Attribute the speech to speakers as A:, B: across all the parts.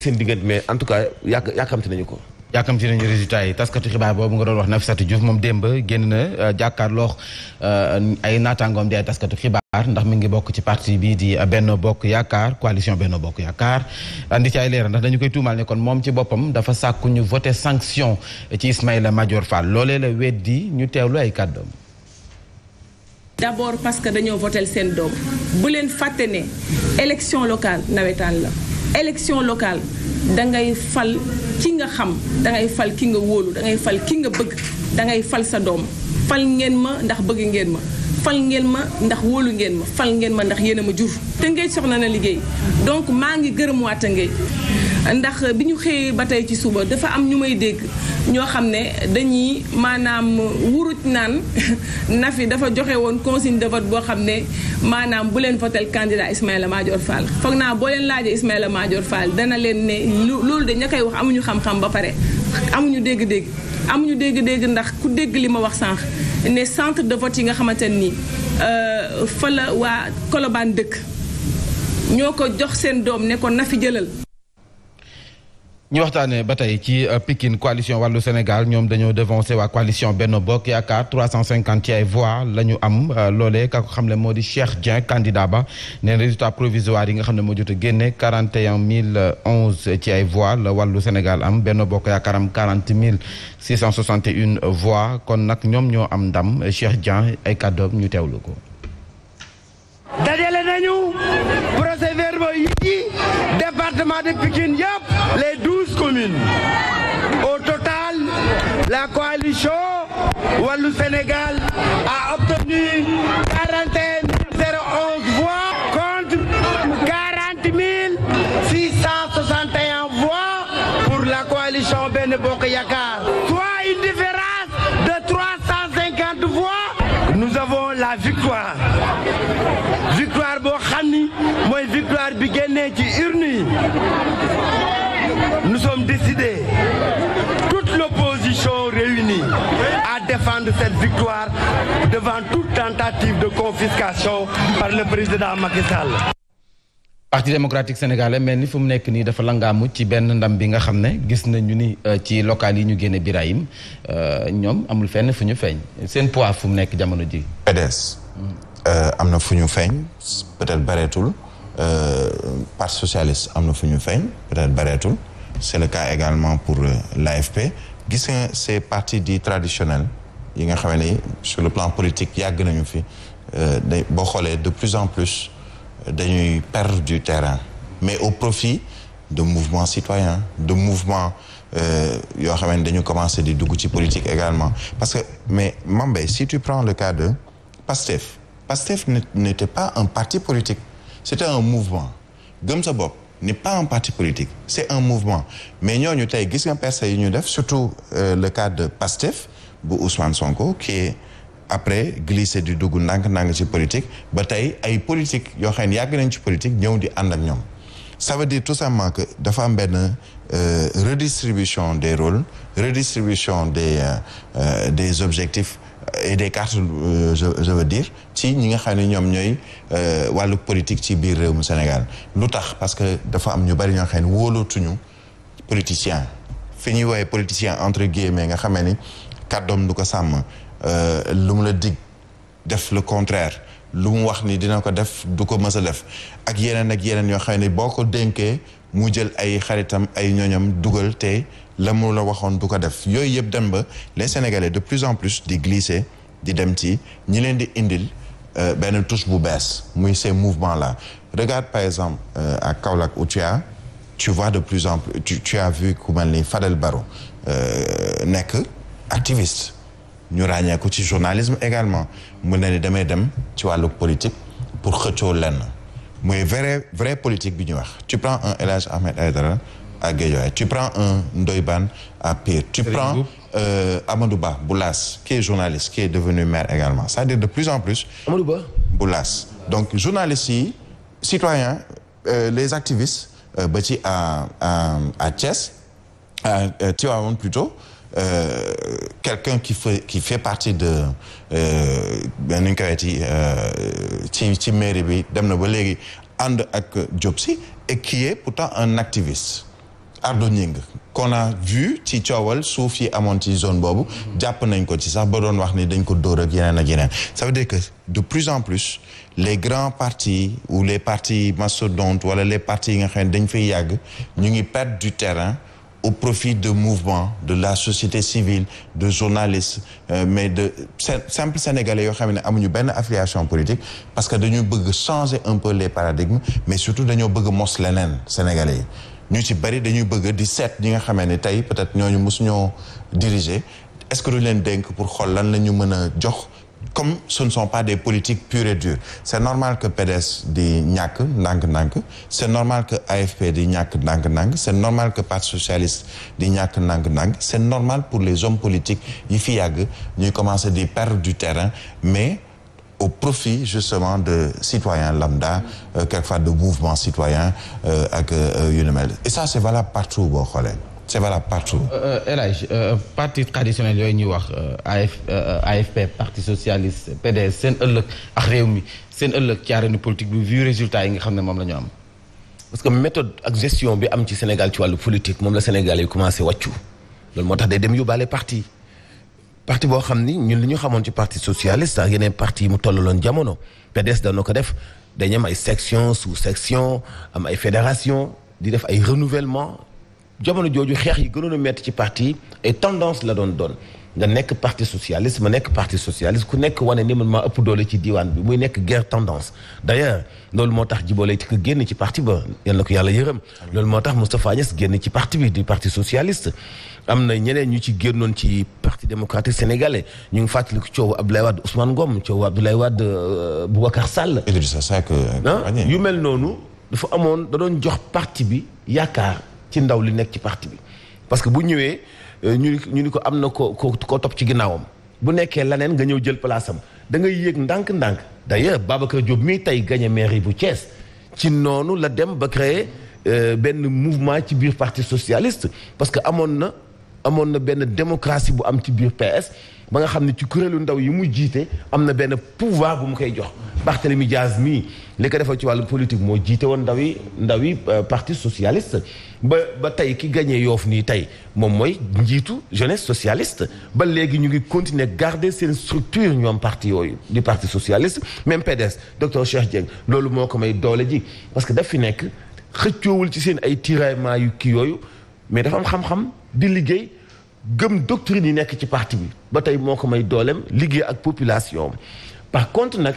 A: seen diggante mais en tout cas yàq yàkkamti nañu ko. yàkkamti nañu résultat yi taskatu xibaar boobu nga doon wax Nafissatou Diouf moom démb génn na euh, jàkkaarloo euh, ay naataangoom di ay taskatu xibaar ndax mi ngi bokk ci parti bii di euh, Benno Bokk Yaakaar coalition Benno Bokk Yaakaar andi ci ay leeral ndax dañu koy tuumaal ne kon moom ci boppam dafa sàkku ñu voté sanction ci Ismaïla Madior Fall loolee la weddi ñu teewlu ay kàddoom.
B: d'abord parce que dañoo votel seen élection locale da ngay fal ki nga xam da ngay fal ki nga wóolu da ngay fal ki nga bëgg da ngay fal sa doom fal ngeen ma ndax bëgg ngeen ma fal ngeen ma ndax wóolu ngeen ma fal ngeen ma ndax yéen a ma jur. te Tëngéej soxna na liggéey donc maa ngi gërëm waa Tëngéej ndax bi ñu xëyee ba tey ci suba dafa am ñu may dégg ñoo xam ne dañuy maanaam wuruj naan Nafi dafa joxe woon consigne de vote boo xam ne maanaam bu leen votel candidat Ismaïla Madior Fall foog naa boo leen laajee Ismaïla major Fall dana leen ne loolu de ña koy wax amuñu xam-xam ba pare amuñu dégg-dégg amuñu dégg-dégg ndax ku dégg li ma wax sànq ne centre de vote yi nga xamante nii euh, fa la waa Colobane dëkk ñoo ko jox seen doom ne ko na fi jëlal
A: ñu waxtaanee ba tey ci euh, Pikine coalition wàllu Sénégal ñoom dañoo devancé waa coalition Benno Bokk Yaakaar 350 ci ay voix la ñu am euh, loolee ka ko xam ne moo di Cheikh Dieng candidat ba ne résultat provisoire yi nga xam ne moo jot a génne 41 011 ci ay voix la wàllu Sénégal am Benno Bokk Yaakaar am 40 661 voix kon nag ñoom ñoo am ndam Cheikh Dieng ay kàddoom ñu teewlu ko.
C: dajale nañu procès verbaux yi département de Pikine yëpp communes. total, la coalition Wallou Sénégal a obtenu 41 contre 40 pour la coalition Ben Bok Yakar, soit de 350 Nous avons la victoire. Victoire Bokhani, moi victoire Bigene qui urne. de le président Macky
A: parti démocratique sénégalais mel ni fu mu nekk nii dafa langaamu ci benn ndam bi nga xam ne gis ñu ni euh, ci local yi ñu génne Birahim euh, ñoom amul fenn fu ñu feeñ seen pois fu mu nekk jamono ji
D: PDS hmm. euh, am na fu ñu feeñ peut-être bareetul parti socialiste am na fu ñu feeñ peut-être bareetul c'est le cas également pour la l'AFP gis nga ces partis dits traditionnels yi nga xamee ni sur le plan politique yàgg nañu fi euh, da boo xoolee de plus en plus euh, dañuy per du terrain mais au profit de mouvements citoyens de mouvements euh, yoo xamee dañu commencé di dugg ci politique également parce que mais Mambay si tu prends le cas de Pastef Pastef n'était pas un parti politique c'était un mouvement gëm sa bopp n'est pas un parti politique c'est un mouvement mais ñooñu tey gis nga percé yi ñu def surtout le cas de Pastef bu Ousmane Sonko kii est après glissé di dugg ndànk-ndànk ci politique ba tey ay politique yoo xam ne yàgg nañ ci politique ñëw di ànd ak ñoom ça dire tout simplement que dafa am benn euh, redistribution des rôles redistribution des euh, euh des objectifs euh, et des cartes euh, je, je dire ci ñi nga xam ne ñoom ñooy wàllu politique ci biir réew mu Sénégal lu tax parce que dafa am ñu bari ñoo xam ne wóolootuñu politicien fi ñuy woowee politicien entre guillemets nga xamee ni kàddoom du ko sàmm euh, lu mu la digg def le contraire lu mu wax ni dina ko def du ko mës a def ak yeneen ak yeneen yoo xam ne boo ko dénkee mu jël ay xaritam ay ñoñam dugal te la mu la waxoon du ko def yooyu yëpp dem ba les Sénégalais de plus en plus di glisser di dem ci ñi leen di indil euh, benn touche bu bees muy ces mouvements la regarde par exemple euh, à Kaolack où tu as de plus en plus tu, tu as vu ku mel ni Fadel Barro nekk activiste ñu ràññee ci journalisme également mu ne ni damay dem ci wàllu politique pour xëccoo lenn mooy vrai vrai politique bi ñu wax tu prends un El Hadj Ahmed Aïdara à Guédiawaye tu prends un Ndoye Bane à Pire tu prends euh, Amadou Ba Boulas qui est journaliste qui est devenu maire également c'est-à-dire de plus en plus Amadou Ba Boulas donc journalistes yi citoyens euh, les activistes euh, ba ci à à à Thiès à euh, Euh, quelqu'un qui fait qui fait partie de euh, nu ñu koy euh, ci ci mairie bi dem na ba léegi ànd ak Diop Sy et qui est pourtant un activiste Ardo Gningue qu'on a vu ci coowal suuf yi amoon ci zone boobu jàpp nañ ko ci sax ba doon wax ni dañ ko dóor ak yeneen ak yeneen ça veut dire que de plus en plus les grands partis ou les partis mastodontes wala les partis yi nga xam ne dañ fay yàgg ñu ngi perdre du terrain au profit de mouvements de la société civile de journalistes euh, mais de simples sénégalais yoo xam ne amuñu benn affiliation politique parce que dañu bëgg changer un peu les paradigmes mais surtout dañoo bëgg mos leneen sénégalais yi ñu ci bari dañuy bëgg di seet ñi nga xamee ne tey peut-être ñooñu mosuñoo diriger est-ce que du leen dénk pour xool lan la ñu mën a jox comme ce ne sont pas des politiques pures et dures c'est normal que PDS di ñàkk ndànk-ndànk c'est normal que AFP di ñàkk ndànk-ndànk c'est normal que Parti socialiste di ñàkk ndànk-ndànk c'est normal pour les hommes politiques yi fi yàgg ñuy commencer di perdre du terrain mais au profit justement de citoyens lambda euh, quelquefois de mouvements citoyens euh, ak euh, yu ne mel et ça c'est valable partout boo xoolee c'est valable partout.
A: Euh, euh, El Hadj euh, parti traditionnel yooyu ñuy wax AF AFP parti socialiste PDS seen ëllëg ak réew mi seen ëllëg ci arène politique bi vu résultat yi nga xam ne moom la am. parce que méthode ak gestion bi am ci Sénégal ci wàllu
C: politique moom la Sénégal yi commencé wàccu loolu moo tax day dem yóbbaale parti parti boo xam ni ñun li ñu xamoon ci parti socialiste ak yeneen parti mu mu tollaloon jamono PDS dañoo ko def dañu am ay section sous section am ay fédération di def ay renouvellement jamono jooju xeex yi gënoon metti ci parti ay tendance la doon doon nga nekk parti socialiste ma nekk parti socialiste ku nekk wane ni man maa ëpp doole ci diiwaan bi muy nekk guerre tendance d'ailleurs loolu moo tax Djibo Leyti Ka génn ci parti ba yal na ko yàlla yërëm loolu moo tax Moustapha Niass génn ci parti bi di parti socialiste am na ñeneen ñu ci génnoon ci parti démocratique sénégalais ñu ngi fàttaliku coowu Abdoulaye Wade Ousmane Ngom coowu Abdoulaye Wade euh, Boubacar Sall euh, ah, yu mel noonu dafa amoon da jox parti bi yaakaar ci ndaw li nekk ci parti bi parce que bu ñëwee euh, ñu ñu ni ko am na ko ko ko topp ci ginnaawam bu nekkee leneen nga ñëw jël place am da ngay yéeg ndànk-ndànk d'ailleurs Babacar Diop mii tey gagné mairie bu cees ci noonu la dem ba créer euh, benn mouvement ci biir parti socialiste parce que amoon na amoon na benn démocratie bu am ci biir PS ba nga xam ne ci kuréelu ndaw yi mu jiite am na benn pouvoir bu mu koy jox Barthélemy Diaz mii li ko defal ci wàllu politique moo jiite woon ndaw yi ndaw yi euh, parti socialiste ba ba tey ki gagné yoof nii tey moom mooy njiitu jeunesse socialiste ba léegi ñu ngi continuer garder seen structure ñoom parti yooyu du parti socialiste même PDS docteur Cheikh Dieng loolu moo ko may doole ji parce que daf fi nekk xëccoowul ci seen ay tiraillement yu kii yooyu mais dafa am xam-xam di liggéey gëm doctrine yi nekk ci parti bi ba tey moo ko may dooleem liggéey ak population par contre nag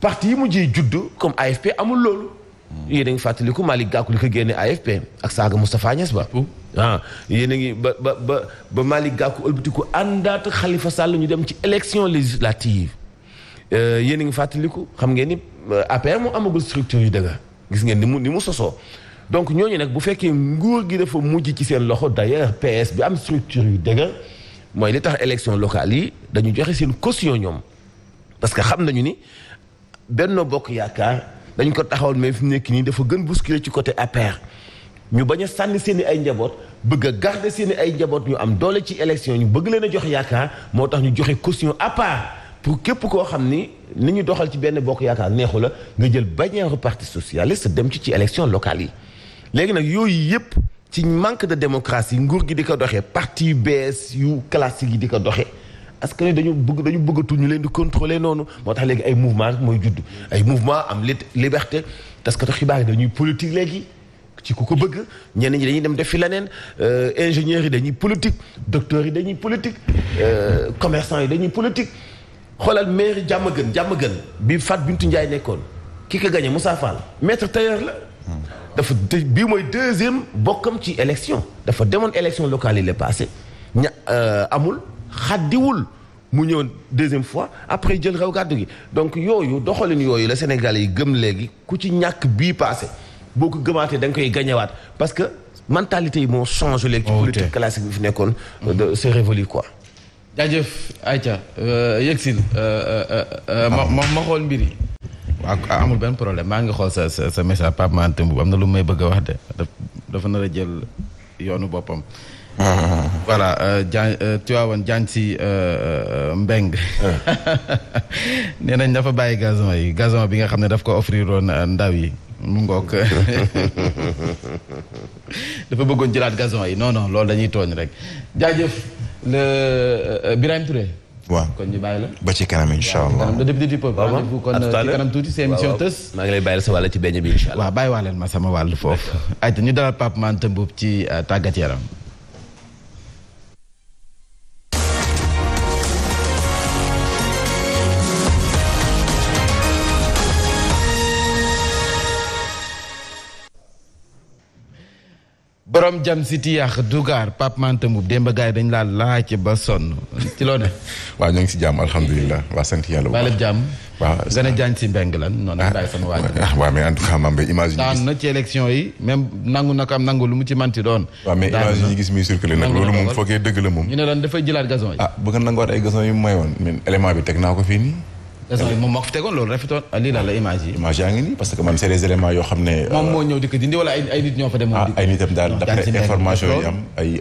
C: parti yi mujjee juddu comme AFP amul loolu. Hmm. yéen a ngi fàttaliku Malick Gakou li ko génne AFP ak saaga Moustapha Niass ba. ah yéen a ngi ba ba ba ba Malick Gakou ëlbatiku àndaat Khalifa Sall ñu dem ci élection législative euh, yéen a ngi fàttaliku xam ngeen ni euh, APR mu amagul structure yi dëgg gis ngeen ni mu ni mu sosoo. donc ñooñu nag bu fekkee nguur gi dafa mujj ci seen loxo d'ailleurs PS bi am structure yu dëgër mooy li tax élection locale yi dañu joxe seen costion ñoom parce que xam nañu ni Benno Bokk Yaakaar dañ ko taxawal mais fi mu nekk nii dafa gën bousculer ci côté APR ñu bañ a sànni seen i ay njaboot bëgg a garder seen i ay njaboot ñu am doole ci élection ñu bëgg leen a jox yaakaar moo tax ñu joxe caution à part pour képp koo xam ni ni ñu doxal ci benn bokk yaakaar neexu la nga jël bannière parti socialiste dem ci ci élection locale yi léegi nag yooyu yëpp ci manque de démocratie nguur gi di ko doxee parti yu bees yu classique yi di ko doxee parce que dañu bëgg dañu bëggatu ñu leen di contrôler noonu moo tax léegi ay mouvement rek mooy judd ay mouvement am liberté parce que xibaar yi dañuy politique léegi ci ku ko bëgg ñenn ñi dañuy dem def fi leneen euh, ingénieurs yi dañuy politique docteurs yi dañuy politique euh, commerçants yi dañuy politique xoolal mairie jàmm gën jàmm gën bi Fat bintu Ndiaye nekkoon ki ko gagné Moussa dafa bii mooy deuxième bokkam ci élection dafa demoon élection locale yi la passé ña euh, amul xaddiwul mu ñëw deuxième fois après jël raw gàddu gi donc yooyu doxalin yooyu la Sénégal yi gëm léegi ku ci ñàkk bii passé boo ko gëmaatee da nga koy gañewaat parce que mentalité yi moo change léegi ci politique classique bi fi nekkoon c'est révolu quoi
A: jaajëf Aïcha euh, yëgsil euh, ma ma xool mbir yi waaw amul benn problème maa ngi xool sa sa message Pape Mante am na lu may bëgg a wax de dafa nar a jël yoonu boppam. voilà euh, euh, Diagne Thiawane Diagne si Mbeng nee nañ dafa bàyyi gazon yi gazon bi nga xam ne daf ko offrir euh, ndaw yi mu ngoog dafa bëggoon jëlaat gazon yi non non loolu dañuy tooñ rek jaajëf le Birame Touré. waaw kon ñu bàyyi la.
D: ba ci kanam incha
A: allah tuuti seen émission tës.
C: maa ngi lay bàyyi la sa bi incha allah.
A: waaw bàyyi leen ma sama wàll foofu. ayta ñu dalal Pape Mante Mboup ci euh, tàggat yaram. borom jam si tiyaax dugaar Pape Mante Mboub démb gaay dañ laa laaj ba sonn ci loo ne waaw ñoo ngi si jàmm alhamdulilah waa sant yàlla bu baax jàmm waaw gën a jaañ si mbeng ah, ah, ci élection yi même nangu na ko nangu lu mu ci manti doon
D: waaw mais image yi gis muy circulé nag loolu moom foogee dëgg la moom
A: ñu ne lan dafay jëlaat gazon
D: yi ah bu ay gazon yu mayoon mais bi teg naa ko fii nii
A: raison eh, moom moo ko fi tegoon loolu rafetoon lii la image
D: yi. image yaa
B: ngi nii parce que man c'est des éléments yoo ne. Euh,
A: moo ñëw di ko wala ay nit ñoo fa demoon. Ah, ay nitam daal d'après information yi
B: am